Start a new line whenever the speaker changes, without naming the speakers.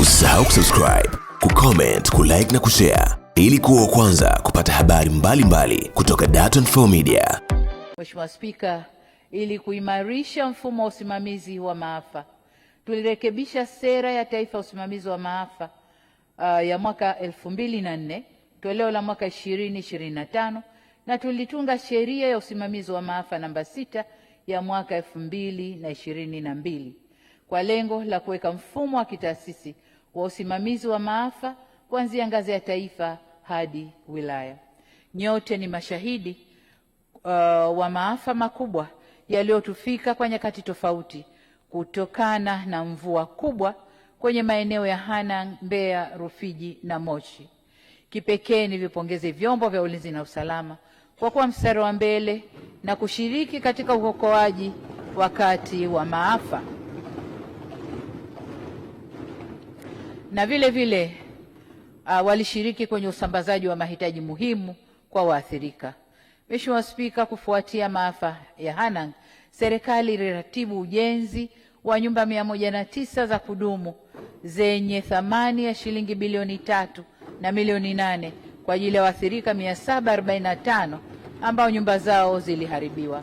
Usisahau kusubscribe, kucomment, kulike na kushare ili kuwa kwanza kupata habari mbalimbali mbali kutoka Dar24 Media.
Mheshimiwa Spika, ili kuimarisha mfumo wa usimamizi wa maafa tulirekebisha sera ya taifa ya usimamizi wa maafa uh, ya mwaka 2004 toleo la mwaka 2025 na tulitunga sheria ya usimamizi wa maafa namba sita ya mwaka 2022 kwa lengo la kuweka mfumo wa kitaasisi wa usimamizi wa maafa kuanzia ngazi ya taifa hadi wilaya. Nyote ni mashahidi uh, wa maafa makubwa yaliyotufika kwa nyakati tofauti kutokana na mvua kubwa kwenye maeneo ya Hanang', Mbeya, Rufiji na Moshi. Kipekee nivipongeze vyombo vya ulinzi na usalama kwa kuwa mstari wa mbele na kushiriki katika uokoaji wakati wa maafa. na vile vile uh, walishiriki kwenye usambazaji wa mahitaji muhimu kwa waathirika. Mheshimiwa Spika, kufuatia maafa ya Hanang, serikali iliratibu ujenzi wa nyumba mia moja na tisa za kudumu zenye thamani ya shilingi bilioni tatu na milioni nane kwa ajili ya waathirika 745 ambao nyumba zao ziliharibiwa.